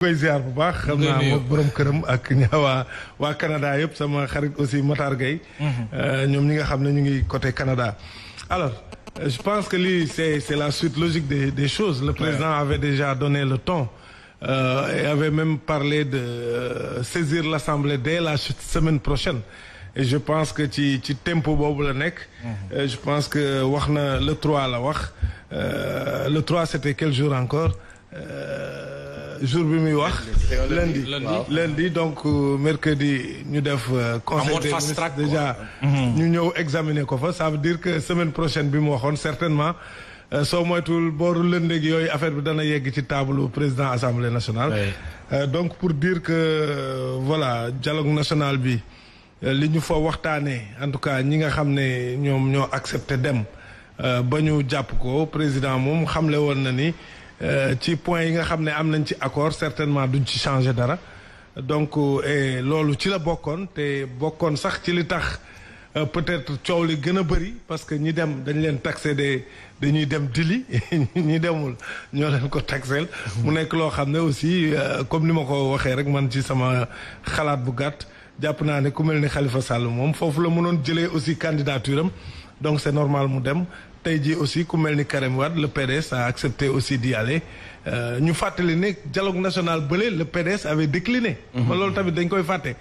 koy ziar bu baax xam naa moom borom këram ak ñaawaa waa Canada yëpp sama xarit aussi Matar Gueye mhm. euh, ñoom ñi nga xam ne ñu ngi côté Canada alors euh, je pense que lii c'est c'est la suite logique des des choses le président avait déjà donné le ton euh, et avait même parlé de euh, saisir l'Assemblée dès la semaine prochaine et je pense que ci ci tempo boobu la nekk mhm. je pense que wax na le 3 la wax le 3 c'était quel jour encore jour bi muy wax. lundi lundi donc euh, mercredi ñu def. Euh, conseil déjà. Mhm. ñu ñëw examiner ko fa ça veut dire que semaine prochaine bi mu waxoon certainement. Euh, soo moytuwul booru lëndëg yooyu affaire bi dana yegg ci table président assemblée nationale. donc pour dire que voilà dialogue national bi li ñu fa waxtaanee en tout cas ñi nga xam ne ñoom ñoo accepté dem ba ñu jàpp ko président moom xamle woon na ni. Euh, ci point yi nga xam ne am nañ ci accord certainement duñ ci changer dara donc euh, loolu ci la bokkoon te bokkoon sax ci li tax euh, peut-être coow li gën a bëri parce que ñi dem dañ leen taxé de dañuy dem dili ñi demul ñoo leen ko taxel mu nekk loo xam ne aussi comme ni ma ko waxee rek man ci sama xalaat bu gàtt jàpp naa ne ku mel ni Khalifa Sall moom foofu la mënoon jëlee aussi candidature am donc c'est normal mu dem tey aussi ku melni ni Karim le PDS a accepté aussi d'y aller euh, ñu fatali le dialogue national beulé le PDS avait décliné. Mhm. ba loolu tamit dañ koy faté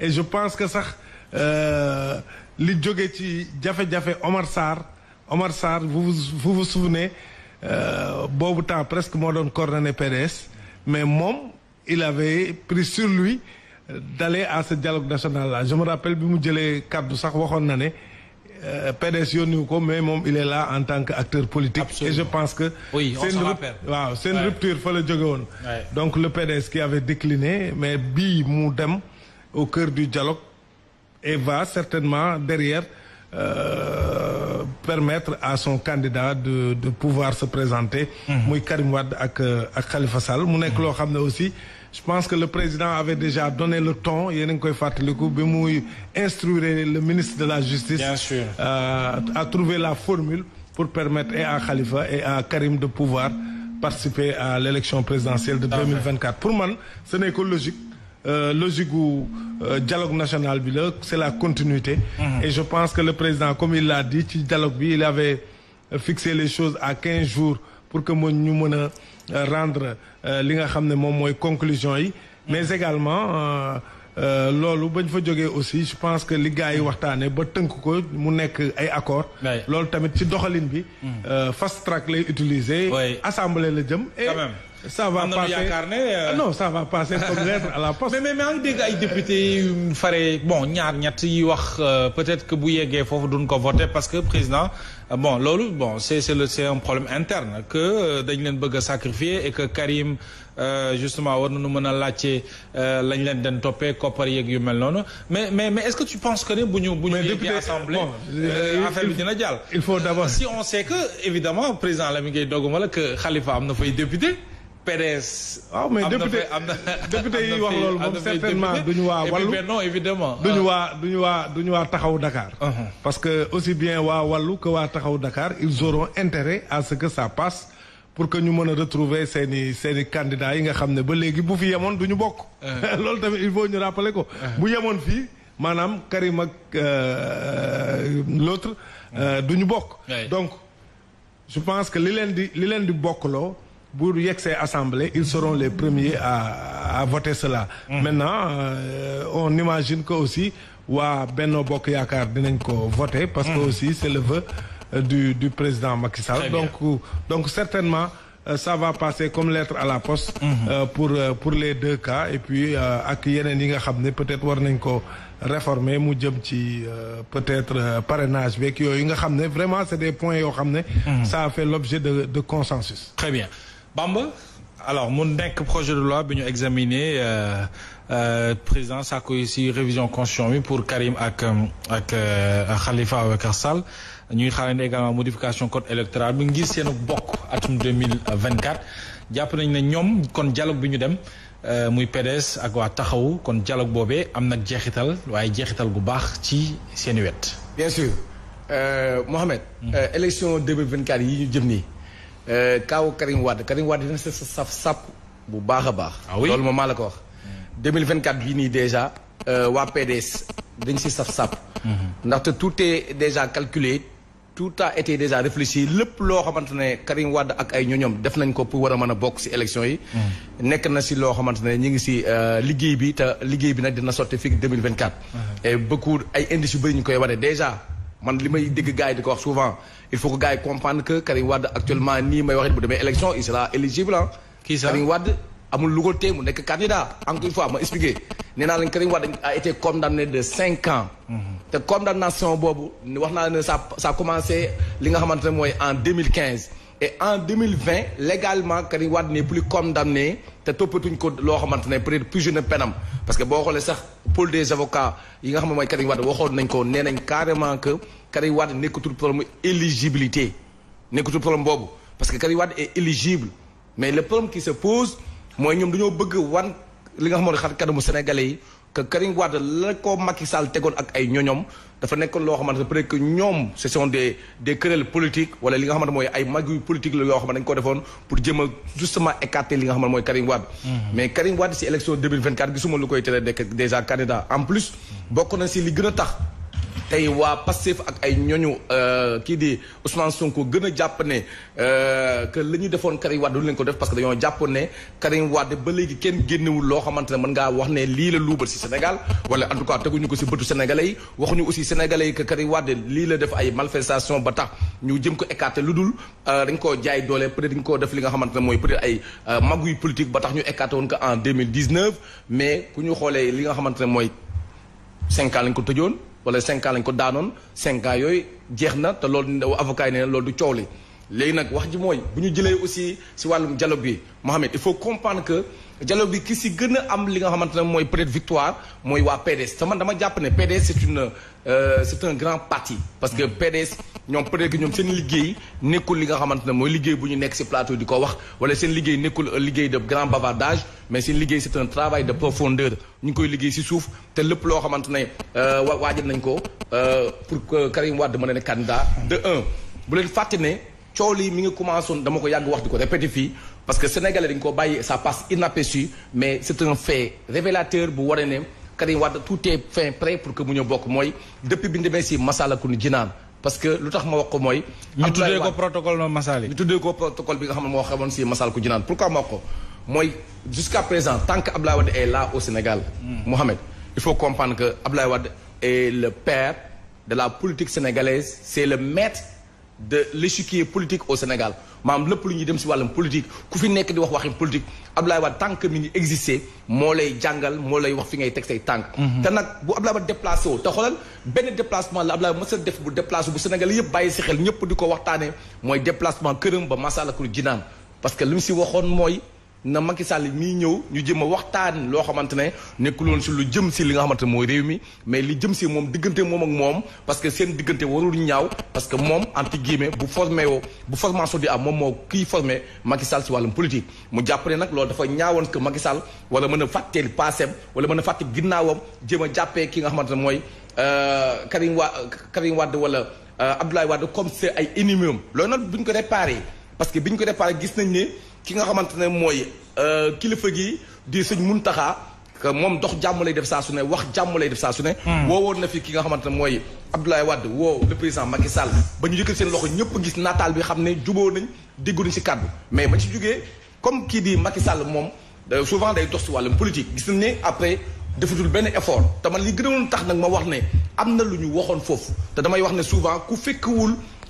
et je pense que sax euh, li jóge ci jafé jafé Omar Sarr Omar Sarr vous vous vous souvenez euh, bobu temps presque moo doon coordonné PDS mais mom il avait pris sur lui d'aller à ce dialogue national là je me rappelle bi mu jëlee kàddu sax waxon na ne. Euh, PDS yónniwu mais il est là en tant qu'acteur politique. et je pense que. c'est une rupture. rupture donc le PDS qui avait décliné mais bi Moudem, au cœur du dialogue et va certainement derrière. Euh, permettre à son candidat de pouvoir se présenter. Moui mhm. Karim Wade ak euh, Khalifa Sall mhm. aussi je pense que le président avait déjà donné le ton y a instruire le ministre de la justice. Euh, à trouver la formule pour permettre à Khalifa et à Karim de pouvoir participer à l'élection présidentielle de 2024 pour moi, ce n'est que logique euh, logique euh, dialogue national c'est la continuité mhm. et je pense que le président comme il l'a dit dialogue il avait fixé les choses à 15 jours pour que nous, ñu euh, rendre euh, li nga xam conclusion yi mais également euh, lolu bañ fa jógee aussi je pense que li gars yi waxtaanee ba teunk ko mu nek ay accord lolu tamit ci doxaline bi mm. fast track lay utiliser assembler le jëm et ça va passer euh. ah non ça va passer comme à la poste. mais mais députés bon ñaar yi euh, peut-être que bu voter parce que président euh, bon bon c'est c'est un problème interne que dañ leen bëgg et que Karim justement a mais est-ce que tu penses que il faut d'abord si on sait que évidemment président que Khalifa am na fay député. PDS. Ah, mais député député yi wax loolu moom certainement duñu waa wàllu non évidemment duñu waa duñu waa duñu waa taxaw Dakar. Uh-huh. parce que aussi bien wa wàllu que wa taxaw Dakar ils auront intérêt à ce que ça passe pour que ñu mën retrouver seen i candidats yi nga xam ne ba léegi bu fi yemoon duñu bokk. Uh-huh. il faut ñu rappeler ko. Uh-huh. bu yemoon fii madame Karim ak euh, l'autre euh, duñu bokk. donc je pense que li leen di li leen di pour ces assemblées, ils seront les premiers à, à voter cela. Mm. Maintenant, euh, on imagine que aussi, wa Benno Bok Yakar voter parce que mm. aussi c'est le vœu euh, du, du président Macky Sall. Donc, euh, donc certainement, ça va passer comme lettre à la poste mm-hmm. pour, pour les deux cas. Et puis, ak yenen yi nga peut-être war nañ réformer mu peut-être parrainage un yoy nga vraiment c'est des points yo xamné mm-hmm. ça a fait l'objet de de consensus. Très bien. Bamba alors mon nekk projet de loi bi ñu examiner euh, euh, président Sarkozy si révision constitution pour Karim ak euh, ak euh, Khalifa Ababacar Sall ñuy xaarandi également modification code électoral bi ngir seen bokk atum 2024 Nous nañ ne ñoom kon dialogue bi ñu dem euh, muy PDS ak wa taxawu kon dialogue bobé amna nag jeexital waaye jeexital gu bax ci seeni wette bien sûr euh, Mohamed. Mm. élection 2024 yi ñu jëm ni euh, kaaw Karim Wade Karim Wade dina sa saf sàpp bu baax baax. ah oui loolu wax. 2024 bii nii déjà euh, wa PDS dañ ci saf sàpp. Mhm. ndaxte tout est déjà calculé tout a été déjà réfléchi lepp lo xamantene Karim Wade ak ay ñoñoom def nañ ko pour wara mëna bok ci élection yi. Mhm. nek na ci lo xamantene ñi ñu ngi si euh, liggéey bi ta liggéey bi nak dina sotti fii 2024. Mhm. et beaucoup ay indices yu ñu koy waree déjà man limay may dégg di ko wax souvent il faut que gars comprendre que Karim Wade actuellement nii may waxit bu demee élection il sera éligible hein. Karim Wade amul lu ko téye mu nekk candidat. encore une fois ma expliquer nee naa leen Karim Wade a été condamné de cinq ans. Mhm. te condamnation boobu wax naa ne ça ça a commencé li nga xamante ne mooy en 2015 et en 2020 légalement Karim n'est plus condamné te toppatuñ ko peut être plus jeune pénam. parce que boo xoolee sax pôle des avocats yi nga xam ne mooy Karim Wade ko nee carrément que Karim Wade problème éligibilité problème parce que Karim est éligible mais le problème qui se pose moi, que dañoo bëgg wan li nga qui ne xar sénégalais que Karim Wade la ko Macky Sall tegoon ak ay ñoñom dafa nekkoon loo xamante peut-être que ñoom ce sont des des querelles politiques wala li nga xamante moy ay magui politique la yoo xamante dañ ko defoon pour jëm justement écarter li nga xamante moy Karim Wade. Mhm. mais Karim Wade ci élection 2024 gisuma lu koy télé déjà candidat en plus bokku na ci li gëna tax. tey waa Pastef ak ay ñooñu euh, kii di Ousmane ko gën a jàpp ne euh, que li ñu defoon Karim Wade du leen ko def parce que dañoo jàpp ne Karim Wade ba léegi kenn génnewul loo xamante ne mën ngaa wax ne lii la luubal si Sénégal wala en tout cas teguñu ko si bëtu Sénégalais yi waxuñu aussi Sénégalais yi que Karim lii la def ay malfestation ba tax ñu jëm ko écarter lu dul euh, dañ koo jaay doole peut être koo def li nga xamante ne mooy peut être ay maguy politique ba tax ñu écarter woon ko en 2019 mais ku ñu xoolee li nga xamante ne mooy cinq lañ ko tëjoon wala cinq lañ ko daanoon cinq yooyu jeex na te loolu avocat yi nee na loolu du coow li léegi nag wax ji mooy bu ñu jëlee aussi si wàllum dialogue bi Mohamed il faut comprendre que dialogue bi ki si gën am li nga xamantene moy peut-être victoire moy wa PDS sama dama japp né PDS c'est une euh, c'est un grand parti parce que PDS ñom peut-être que ñoom seen liggéey nekul li nga xamantene moy mooy liggéey bu ñu nekk si plateau diko wax wala seen liggéey nekul liggéey de grand bavardage mais seen liggéey c'est un travail de profondeur ñu ngi koy liggéey si suuf te lépp loo xamante ne euh, wa nañ ko euh, pour que Karim Wade mën a candidat de un bu leen fàtte ne coow mi nga commencé dama ko yàgg wax diko ko répété parce que le Sénégal, ça passe inaperçu mais c'est un fait révélateur pour waree tout est fait prêt pour que nous ñu depuis bi ñu demee si parce que le tax ma wax ko mooy. ñu tuddee ko protocole no Massali. ñu tuddee ko protocole bi nga pourquoi moi? jusqu'à présent tant que est là au Sénégal. Hmm. Mohamed il faut comprendre que Abdoulaye est le père de la politique sénégalaise c'est le maître. de l'échiquier politique au Sénégal maanaam lépp lu ñuy dem si wàllum politique ku fi nekk di wax waxi politique Abdoulaye Wade tant que mi ngi existé moo lay jàngal moo lay wax fi ngay teg say tànk. Mhm. te nag bu Abdoulaye Wade déplacé woo te xoolal benn déplacement la Abdoulaye mës a def bu déplacé bu Sénégal yëpp bàyyi si xel ñëpp di ko waxtaanee mooy déplacement këram ba Massalikoul Jinaan parce que li mu si waxoon mooy. na Macky Sall mi ñew ñu jëm waxtaan lo xamantene ne nekkul woon très lu jëm si li nga xamantene moy mi mais li jëm si mom diggante mom ak mom parce que seen diggante warul ñaaw parce que mom anti guillemets bu formé wo bu formation di am mom mo ki formé Macky Sall ci walum politique mu jàpp ne nag dafa ñaawon que Macky Sall wala mëna faté passé wala mëna faté ginnawam jëma jappé ki nga xamantene moy euh Karim Wade wala euh, Abdoulaye Wade comme c'est ay ennemis lool loolu buñ ko réparé parce que buñ ko réparé gis nañ né ki nga xamantene Moy, euh kilifa gi di Muntaha, que mom dox jamm lay def sa wax jamm lay def ne. Hmm. won na fi ki nga ne Abdoulaye Wade le président Macky Sall ba ñu seen loxo ñëpp gis bi xamné de mais ci comme qui di Macky Sall souvent day politique après. defatul le effort te man li tax nak ma wax qui amna luñu souvent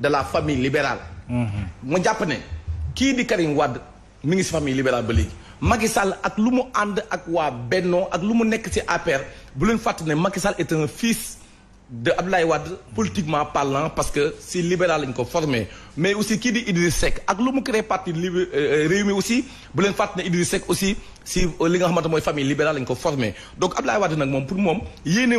de la famille libérale. Moi, mm-hmm. jàpp qui qui di Karim Wade ministre de la famille libérale ba léegi. Macky Sall ak lu mu ànd ak waa Bennoo ak ci Macky Sall est un fils de Abdoulaye politiquement parlant parce que c'est libéral lañ ko formé mais aussi qui dit Idriss Seck ak lu créé parti libé euh, euh, aussi bu leen fàttali Idriss Seck aussi si euh, li famille libérale lañ ko formé donc Abdoulaye Wade nag moom pour moom yéene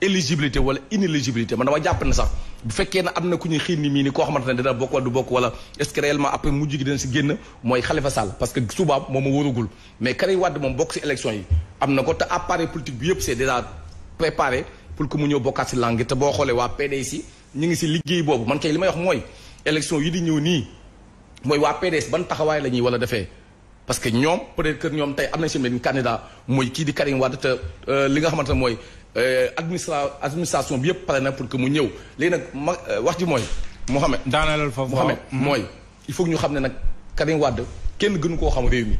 éligibilité wala inéligibilité man dama japp ne sax bu fekké na amna ku ñu xiin ni ni ko xamantene dina wala du bokk wala est-ce que réellement après mujj dina si génn moy Khalifa Sall parce que subaab moma worugul mais Karim wad mom bokk si élection yi amna ko ta appareil politique bi yépp c'est déjà préparé pour que mu ñëw bokkat ci langue te bo xolé wa PDC ñi ngi ci liggéey bobu man kay limay wax moy élection yi di ñëw ni moy wa PDS ban taxaway lañuy wala defee parce que ñom peut-être que ñom tay amna ci seen candidat moy ki di Karim Wade te euh, li nga xamantene moy Euh, administra administration bi yëpp pare na pour que mu ñëw léegi nag ma euh, wax ji mooy. Mouhamed daanalal xam ne mooy il faut ñu xam ne nag Karim Wade kenn gënu koo xam réew mi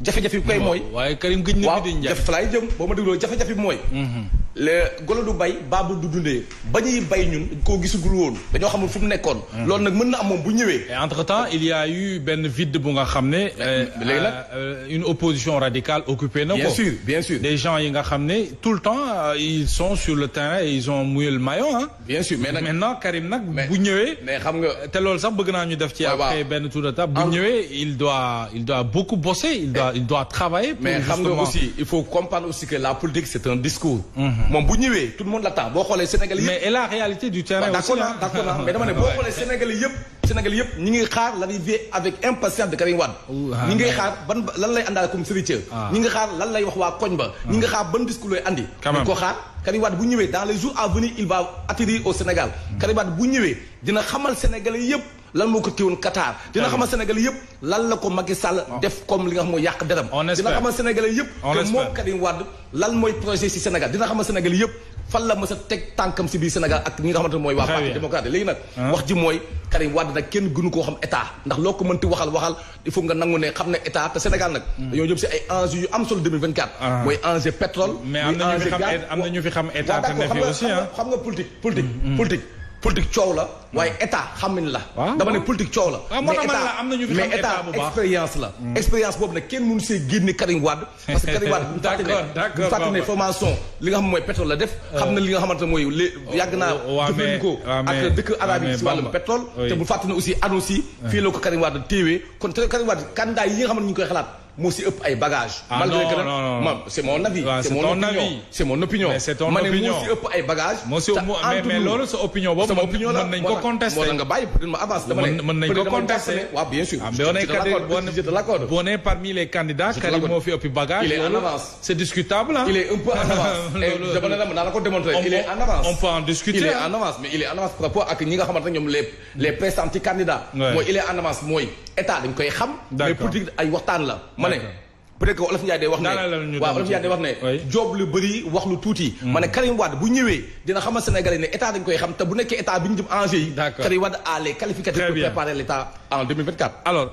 jafe-jafe bi koy mooy. waaye Karim gëj na fi di jafe laay jëm boo ma dégloo jafe-jafe bi mooy. Mhm. golo du bay babu du dundé bañuy bay ñun ko gisugul woon dañoo xamul fu mu nekkoon. Hmm. loolu nag mën na am mom bu ñëwé et entre temps il y a eu ben vide bu nga xamné euh, euh, euh, une opposition radicale occupée na bien sûr bien sûr des gens yi nga xamné tout le temps ils sont sur le terrain et ils ont mouillé le maillot ah. bien sûr mais nag maintenant Karim nak bu ñëwé mais xam nga té lool sax bëgg naa ñu def ci. après ben tour de table bu ñëwé il doit il doit beaucoup bosser il doit il doit travailler. mais xam nga aussi il faut comprendre aussi que la politique c'est un discours. Mm-hmm. Mon bu tout le monde l'attend Bon xoolee Sénégalais. mais et la réalité du terrain aussi hein. d'accord d'accord mais dama ne les Sénégalais. Sénégal yépp ñi ngi xaar l'arrivée avec impatience de Karim Wade ah, ñi ngi xaar ban lan lay àndaale comme sérieux ah. ñi ngi xaar lan lay wax waa koñ ba ñi ngi ah. xaar ban discours lay andi ko xaar Karim Wade bu ñëwee dans les jours à venir il va atterrir au Sénégal hmm. Karim Wade bu ñëwee dina xamal Sénégalais yépp. lan moo ko téewoon Qatar dina xamal Sénégalais yëpp lan la ko Macky Sall def comme li nga xam mooy yàq deram dina xamal Sénégalais yëpp que moom Karim Wade lan mooy projet si Sénégal dina xamal Sénégalais yëpp fan la mës a teg tànkam si biir Sénégal ak ñi nga xamante mooy waa parti démocrate léegi nag ah. wax ji mooy Karim Wade nag kenn gënu koo xam état ndax loo ko mënti waxal waxal il faut nga nangu ne xam ne état te Sénégal nag hmm. dañoo jëm si ay enjeux yu am solo 2024 ah. mooy enjeu pétrole mais am na ñu fi xam état te ne fi aussi ah. xam nga politique politique hmm, hmm. politique coow la waaye état xamin la ah. dama ne politique coow la mais état expérience la hmm. expérience boobu nag kenn mënu see génne Karim Wade parce que Karim bu mu fàtte ne mooy pétrole la def xam na li nga xamante mooy lé oh, yàgg naa oh, jëfandikoo ak dëkk arab yi si wàllum pétrole te bu fàtte ne aussi annonce yi fii la ko Karim Wade kon te Karim Wade candidat yi nga xam ñu ngi koy xalaat moo si ëpp ay bagages. Ah, malgré non non non malgré c'est mon avis. waaw c'est ton avis c'est mon opinion c'est mon opinion. ma ne moo si ëpp ay bagages. mais mais loolu opinion C'est sama opinion la mën nañ ko contester moo tax nga bàyyi peut-être avance. dama ne mën nañ contester waaw bien sûr. Ah, est je te l'accorde Bon, nee parmi les candidats. Karim moo fi ëpp bagage. il est en avance c'est discutable hein? il est un peu en avance. loolu dama ne la mën naa la ko démontrer. il est en avance on peut en discuter. il est hein? en avance mais il est en avance par rapport ak nga xamante ne les les pressentis candidats. mooy il est en avance mooy état dañ koy xam. mais politique ay waxtaan la ma ne. peut-être que Olof Ndiaye day wax ne waaw Olof Ndiaye day wax ne joob lu bëri wax lu tuuti ma ne mm. Karim bu ñëwee dina xamal Sénégalais ne état dañ koy xam te bu nekkee état bi ñu jëm enjeu yi Karim Wade a pour préparer l' état en 2024 alors